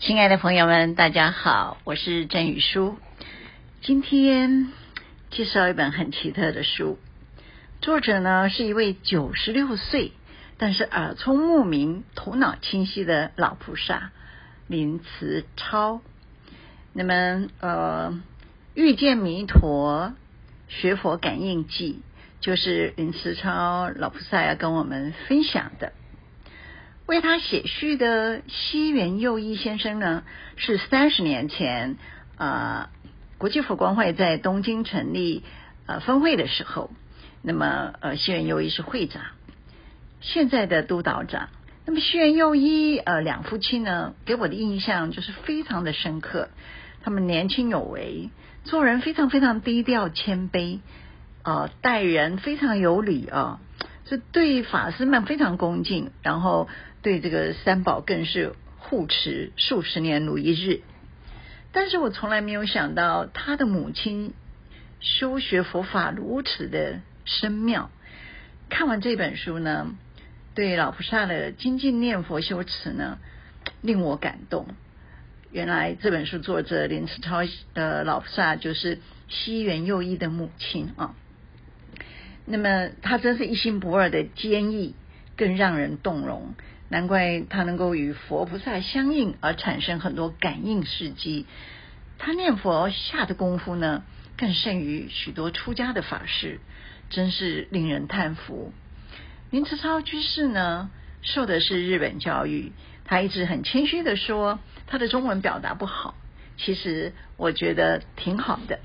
親愛的朋友們，大家好，我是鄭羽書。今天介紹一本很奇特的書，作者呢是一位九十六歲但是耳聰目明、頭腦清晰的老菩薩林慈超。那麼呃，《遇見彌陀學佛感應記》就是林慈超老菩薩要跟我們分享的。為他寫序的西原右一先生呢，是三十年前啊、呃，國際佛光會在東京成立呃分會的時候，那麼呃西原右一是會長，現在的督導長。那麼西原右一呃兩夫妻呢，給我的印象就是非常的深刻，他們年輕有為，做人非常非常低調謙卑，呃，待人非常有禮啊，這、哦、對法師們非常恭敬，然後。對這個三寶更是護持數十年如一日，但是我從來沒有想到他的母親修學佛法如此的深妙。看完這本書呢，對老菩薩的精進念佛修持呢，令我感動。原來這本書作者林慈超的老菩薩就是西元右一的母親啊。那麼他真是一心不二的堅毅，更讓人動容。難怪他能夠與佛菩薩相應，而產生很多感應事蹟。他念佛下的功夫呢，更勝於許多出家的法師，真是令人嘆服。林慈超居士呢，受的是日本教育，他一直很謙虛的說他的中文表達不好，其實我覺得挺好的。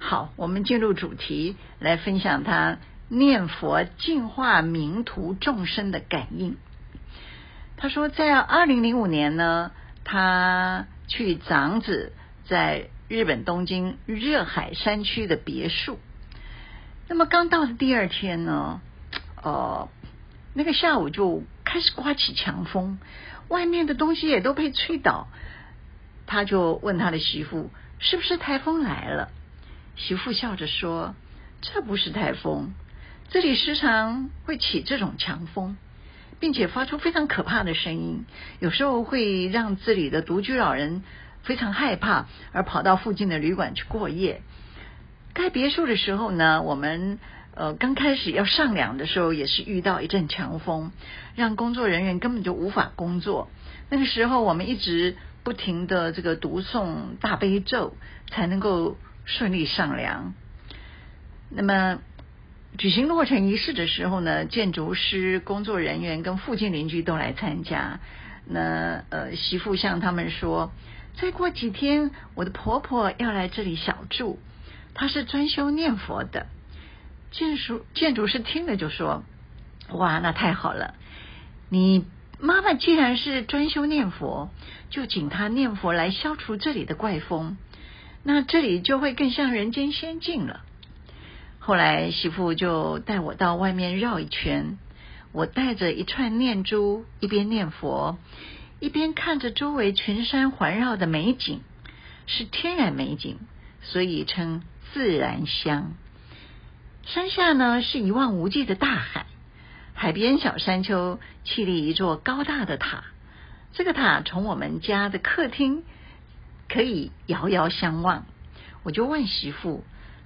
好，我們進入主題，來分享他念佛淨化冥途眾生的感應。他說，在二零零五年呢，他去長子，在日本東京熱海山區的別墅。那麼剛到的第二天呢，呃，那個下午就開始颳起強風，外面的東西也都被吹倒。他就問他的媳婦：“是不是颱風來了？”媳婦笑着說：“這不是颱風，這裡時常會起這種強風。”並且發出非常可怕的聲音，有時候會讓這裡的獨居老人非常害怕，而跑到附近的旅館去過夜。蓋別墅的時候呢，我們呃剛開始要上梁的時候，也是遇到一陣強風，讓工作人員根本就無法工作。那個時候，我們一直不停地這個讀誦大悲咒，才能夠順利上梁。那麼，舉行落成儀式的時候呢，建築師、工作人員跟附近鄰居都來參加。那呃，媳婦向他們說：“再過幾天，我的婆婆要來這裡小住。她是專修念佛的。”建築建築師聽了就說：“哇，那太好了！你媽媽既然是專修念佛，就請她念佛來消除這裡的怪風，那這裡就會更像人間仙境了。”後來媳婦就帶我到外面繞一圈，我帶着一串念珠，一邊念佛，一邊看着周圍群山環繞的美景，是天然美景，所以稱自然香。山下呢是一望無際的大海，海邊小山丘屹立一座高大的塔，這個塔從我們家的客廳可以遙遙相望。我就問媳婦。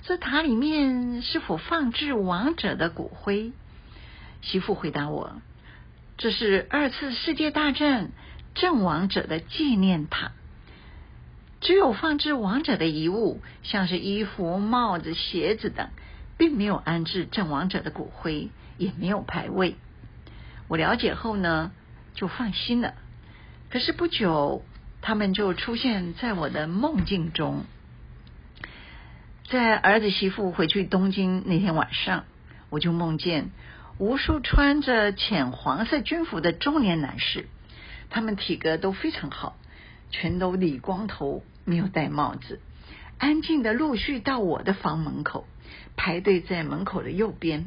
這塔裡面是否放置亡者的骨灰？媳婦回答我：“這是二次世界大戰陣亡者的紀念塔，只有放置亡者的遺物，像是衣服、帽子、鞋子等，並沒有安置陣亡者的骨灰，也沒有牌位。”我了解後呢，就放心了。可是不久，他們就出現在我的夢境中。在兒子媳婦回去東京那天晚上，我就夢見無數穿着淺黃色軍服的中年男士，他們體格都非常好，全都理光頭，沒有戴帽子，安靜地陸續到我的房門口排隊，在門口的右邊，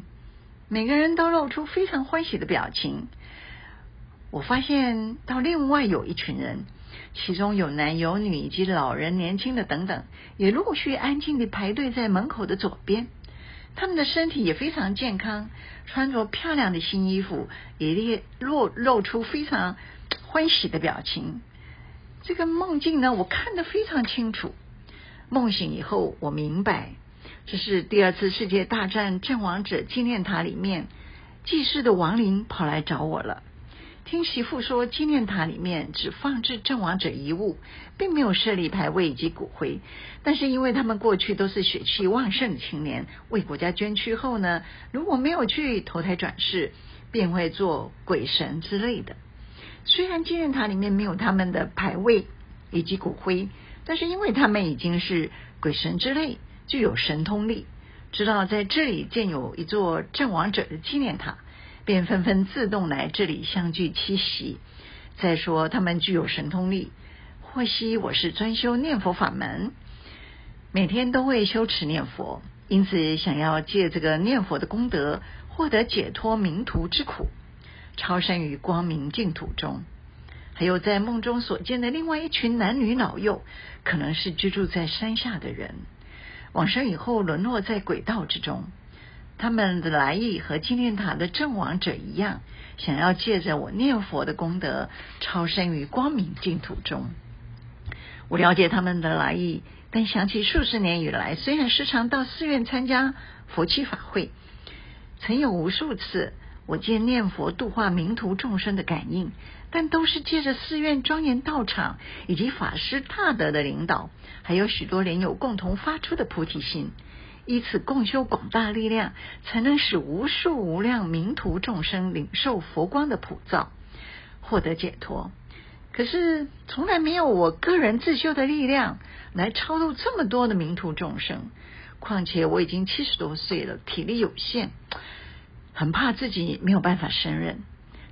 每個人都露出非常歡喜的表情。我發現到另外有一群人。其中有男有女，以及老人、年輕的等等，也陸續安靜地排隊在門口的左邊。他們的身體也非常健康，穿着漂亮的新衣服，也露露出非常歡喜的表情。這個夢境呢，我看得非常清楚。夢醒以後，我明白這是第二次世界大戰陣亡者紀念塔裡面，祭祀的亡靈跑來找我了。聽媳婦說，紀念塔裡面只放置陣亡者遺物，並沒有設立牌位以及骨灰。但是，因為他們過去都是血氣旺盛的青年，為國家捐軀後呢，如果沒有去投胎轉世，便會做鬼神之類的。雖然紀念塔裡面沒有他們的牌位以及骨灰，但是因為他們已經是鬼神之類，具有神通力，知道在這裡建有一座陣亡者的紀念塔。便紛紛自動來這裡相聚棲息。再說，他們具有神通力，獲悉我是專修念佛法門，每天都會修持念佛，因此想要借這個念佛的功德，獲得解脫冥途之苦，超生於光明淨土中。還有在夢中所見的另外一群男女老幼，可能是居住在山下的人，往生以後淪落在鬼道之中。他們的來意和紀念塔的陣亡者一樣，想要借着我念佛的功德，超生於光明淨土中。我了解他們的來意，但想起數十年以來，雖然時常到寺院參加佛七法會，曾有無數次我見念佛度化迷途眾生的感應，但都是借着寺院莊嚴道場以及法師大德的領導，還有許多人有共同發出的菩提心。以此共修廣大力量，才能使無數無量冥途眾生領受佛光的普照，獲得解脫。可是從來沒有我個人自修的力量來超度這麼多的冥途眾生，況且我已經七十多歲了，體力有限，很怕自己沒有辦法勝任。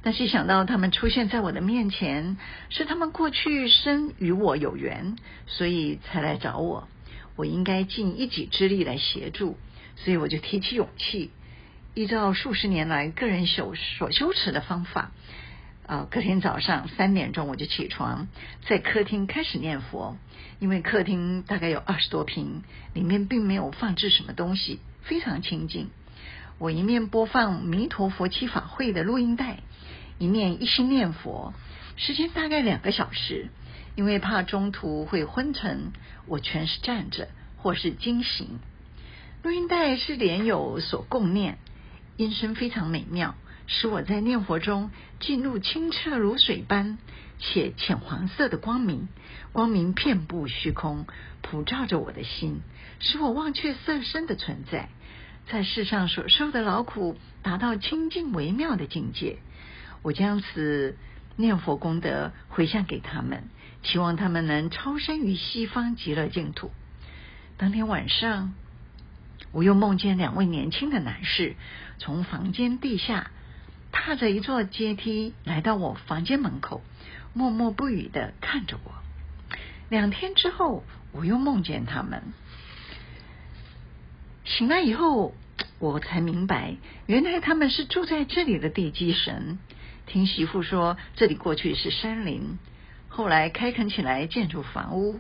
但是想到他們出現在我的面前，是他們過去生與我有緣，所以才來找我。我應該盡一己之力來協助，所以我就提起勇氣，依照數十年來個人修所修持的方法，啊、呃，隔天早上三點鐘我就起床，在客廳開始念佛，因為客廳大概有二十多平，裡面並沒有放置什麼東西，非常清淨。我一面播放《彌陀佛七法會》的錄音帶，一面一心念佛，時間大概兩個小時。因為怕中途會昏沉，我全是站着或是驚醒。錄音帶是蓮友所共念，音聲非常美妙，使我在念佛中進入清澈如水般且淺黃色的光明，光明遍佈虛空，普照着我的心，使我忘卻色身的存在，在世上所受的勞苦，達到清淨微妙的境界。我將此念佛功德回向給他們。希望他們能超生於西方極樂淨土。當天晚上，我又夢見兩位年輕的男士從房間地下踏着一座階梯來到我房間門口，默默不語地看着我。兩天之後，我又夢見他們。醒來以後，我才明白，原來他們是住在這裡的地基神。聽媳婦說，這裡過去是山林。後來開墾起來，建築房屋。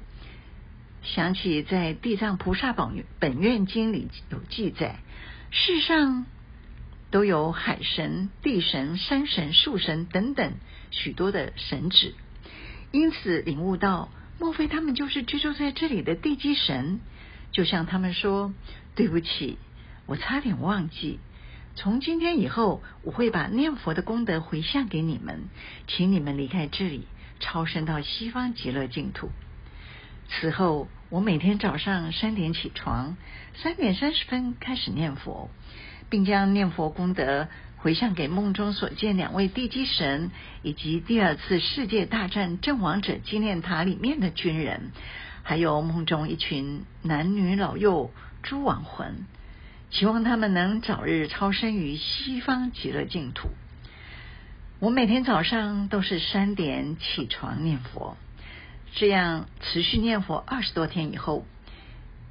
想起在《地藏菩薩本本願經》裡有記載，世上都有海神、地神、山神、樹神等等許多的神祇。因此，領悟到，莫非他們就是居住在這裡的地基神？就向他們說：“對不起，我差點忘記。從今天以後，我會把念佛的功德回向給你們，請你們離開這裡。”超生到西方極樂淨土。此後，我每天早上三點起床，三點三十分開始念佛，並將念佛功德回向給夢中所見兩位地基神，以及第二次世界大戰陣亡者紀念塔裡面的軍人，還有夢中一群男女老幼諸亡魂，希望他們能早日超生於西方極樂淨土。我每天早上都是三點起床念佛，這樣持續念佛二十多天以後，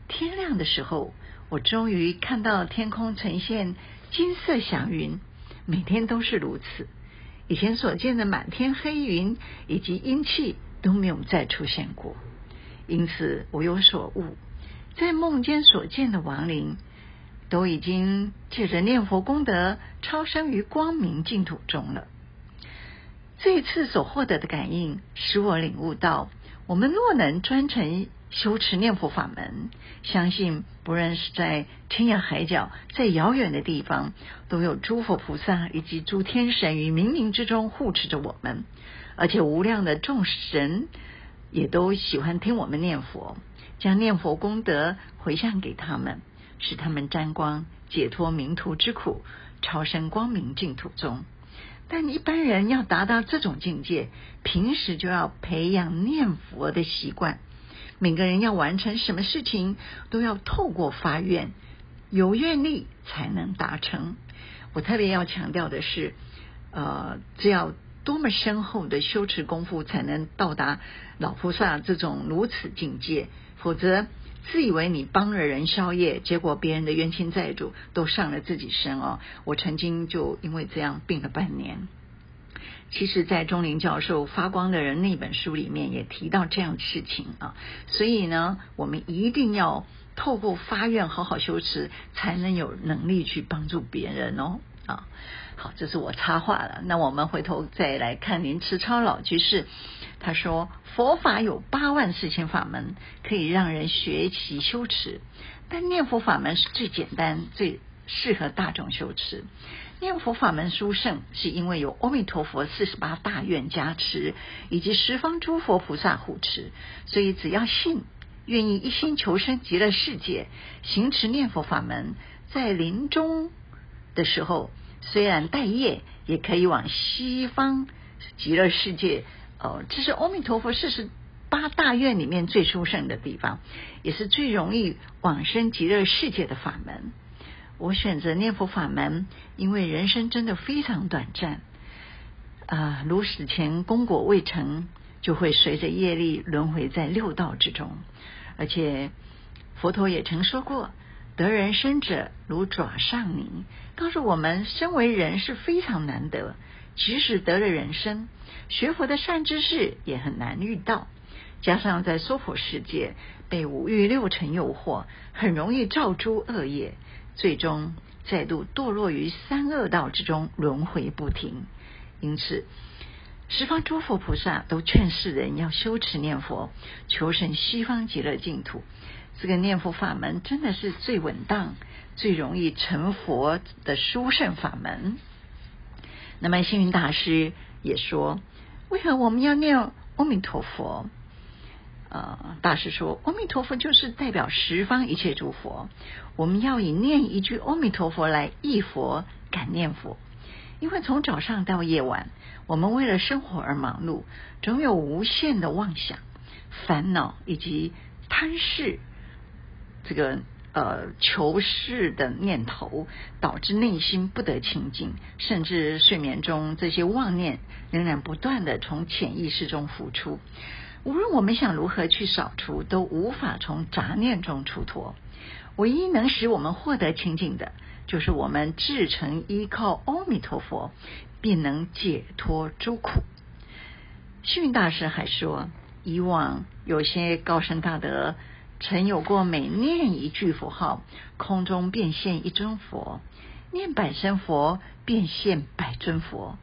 天亮的時候，我終於看到天空呈現金色祥雲。每天都是如此，以前所見的滿天黑雲以及陰氣都沒有再出現過。因此，我有所悟，在夢間所見的亡靈，都已經借着念佛功德，超生於光明淨土中了。這次所獲得的感應，使我領悟到：我們若能專誠修持念佛法門，相信不論是在天涯海角，在遙遠的地方，都有諸佛菩薩以及諸天神於冥冥之中護持着我們，而且無量的眾神也都喜歡聽我們念佛，將念佛功德回向給他們，使他們沾光，解脫冥途之苦，超生光明淨土中。但一般人要達到這種境界，平時就要培養念佛的習慣。每個人要完成什麼事情，都要透過發願，有願力才能達成。我特別要強調的是，呃，這要多麼深厚的修持功夫，才能到達老菩薩這種如此境界，否則。自以為你幫了人消業，結果別人的冤親債主都上了自己身哦。我曾經就因為這樣，病了半年。其實，在鍾玲教授《發光的人》那本書裡面也提到這樣的事情啊。所以呢，我們一定要透過發願，好好修持，才能有能力去幫助別人哦。啊。好，這是我插話了。那我們回頭再來看林慈超老居士，他說佛法有八萬四千法門，可以讓人學習修持，但念佛法門是最簡單、最適合大眾修持。念佛法門殊勝，是因為有阿彌陀佛四十八大願加持，以及十方諸佛菩薩護持，所以只要信，願意一心求生極樂世界，行持念佛法門，在臨終的時候。雖然帶業，也可以往西方極樂世界。哦，這是阿彌陀佛四十八大願裡面最殊勝的地方，也是最容易往生極樂世界的法門。我選擇念佛法門，因為人生真的非常短暫。啊、呃，如死前功果未成，就會隨着業力輪回在六道之中。而且佛陀也曾說過。得人身者如爪上泥，告訴我們，身為人是非常難得。即使得了人身，學佛的善知識也很難遇到。加上在娑婆世界被五欲六塵誘惑，很容易造諸惡業，最終再度墮落於三惡道之中，輪回不停。因此，十方諸佛菩薩都勸世人要修持念佛，求生西方極樂淨土。這個念佛法門真的是最穩當、最容易成佛的殊勝法門。那麼，星雲大師也說：“為何我們要念阿彌陀佛？”呃，大師說：“阿彌陀佛就是代表十方一切諸佛，我們要以念一句阿彌陀佛來憶佛、感念佛。因為從早上到夜晚，我們為了生活而忙碌，總有無限的妄想、煩惱以及貪嗜。”這個呃求是的念頭，導致內心不得清淨，甚至睡眠中這些妄念仍然不斷的從潛意識中浮出。無論我們想如何去掃除，都無法從雜念中出脫。唯一能使我們獲得清淨的，就是我們至誠依靠阿彌陀佛，便能解脫諸苦。星雲大師還說，以往有些高僧大德，曾有過每念一句佛號，空中變現一尊佛；念百聲佛，變現百尊佛；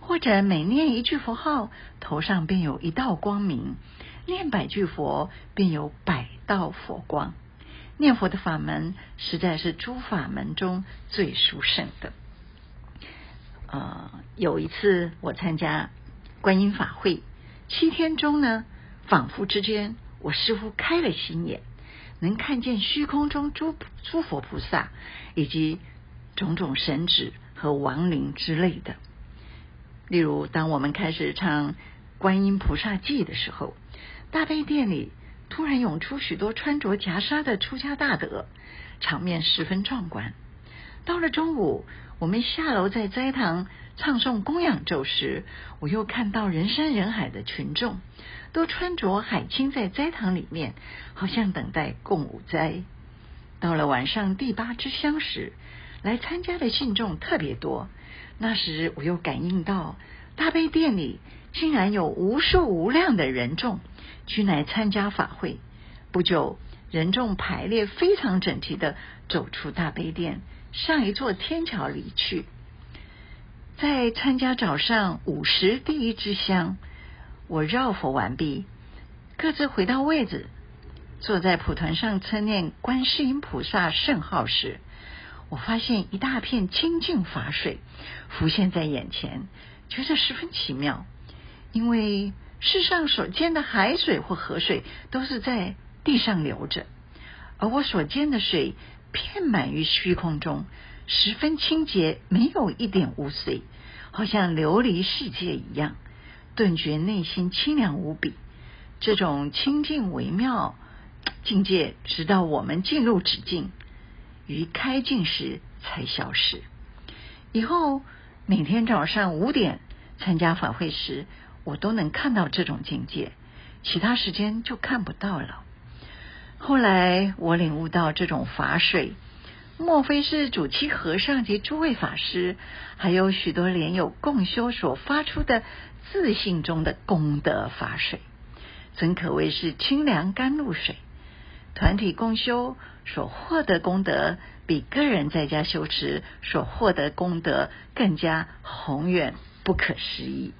或者每念一句佛號，頭上便有一道光明；念百句佛，便有百道佛光。念佛的法門，實在是諸法門中最殊勝的。呃，有一次我參加觀音法會，七天中呢，仿佛之間。我似乎開了心眼，能看見虛空中諸諸佛菩薩以及種種神祇和亡靈之類的。例如，當我們開始唱《觀音菩薩偈》的時候，大悲殿裡突然湧出許多穿着袈裟的出家大德，場面十分壯觀。到了中午。我們下樓在齋堂唱誦供養咒時，我又看到人山人海的群眾，都穿着海青在齋堂裡面，好像等待供午齋。到了晚上第八支香時，來參加的信眾特別多。那時我又感應到大悲殿裡竟然有無數無量的人眾，均來參加法會。不久，人眾排列非常整齊地走出大悲殿。上一座天橋離去，在參加早上五時第一支香，我繞佛完畢，各自回到位置，坐在蒲團上稱念觀世音菩薩聖號時，我發現一大片清淨法水浮現在眼前，覺得十分奇妙。因為世上所見的海水或河水都是在地上流着，而我所見的水。遍滿於虛空中，十分清潔，沒有一點污穢，好像琉璃世界一樣，頓覺內心清涼無比。這種清淨微妙境界，直到我們進入止靜與開靜時才消失。以後每天早上五點參加法會時，我都能看到這種境界，其他時間就看不到了。後來我領悟到，這種法水，莫非是主七和尚及諸位法師，還有許多蓮友共修所發出的自信中的功德法水，真可謂是清涼甘露水。團體共修所獲得功德，比個人在家修持所獲得功德更加宏遠不可思議。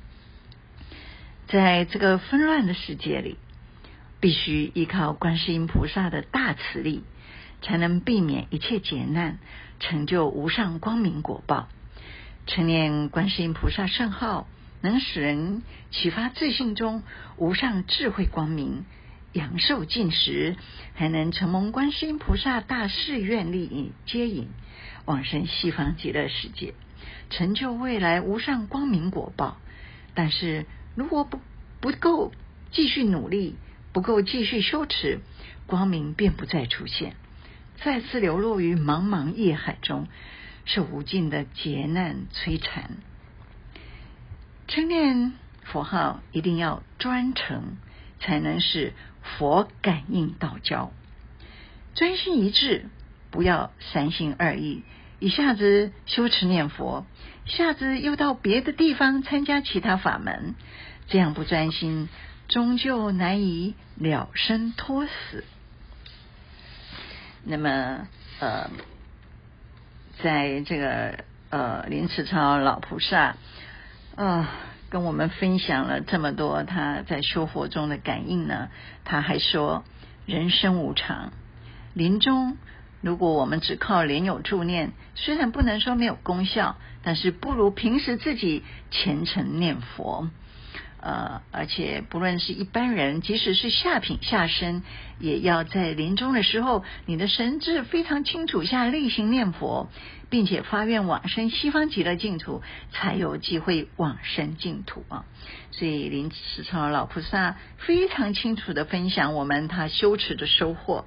在這個紛亂的世界裡，必須依靠觀世音菩薩的大慈力，才能避免一切劫難，成就無上光明果報。稱念觀世音菩薩聖號，能使人啟發自性中無上智慧光明，陽壽盡時，還能承蒙觀世音菩薩大誓願力接引，往生西方極樂世界，成就未來無上光明果報。但是，如果不不夠，繼續努力，不夠繼續修持，光明便不再出現，再次流落於茫茫夜海中，受無盡的劫難摧殘。稱念佛號一定要專誠，才能使佛感應道交。專心一致，不要三心二意。一下子修持念佛，一下子又到別的地方參加其他法門，這樣不專心。終究難以了生脫死。那麼呃，在這個呃林慈超老菩薩啊、呃，跟我們分享了這麼多他在修佛中的感應呢。他還說，人生無常，臨終如果我們只靠蓮友助念，雖然不能說沒有功效，但是不如平時自己虔誠念佛。呃，而且不論是一般人，即使是下品下生，也要在臨終的時候，你的神智非常清楚下，下內心念佛，並且發願往生西方極樂淨土，才有機會往生淨土啊。所以，臨終老菩薩非常清楚的分享我們他修持的收穫，《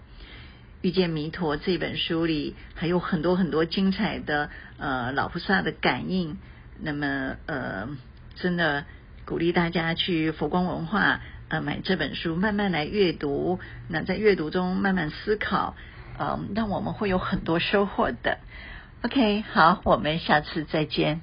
遇見彌陀》這本書裡還有很多很多精彩的呃老菩薩的感應。那麼，呃，真的。鼓勵大家去佛光文化呃買這本書，慢慢來閱讀，那在閱讀中慢慢思考，嗯，那我們會有很多收穫的。OK，好，我們下次再見。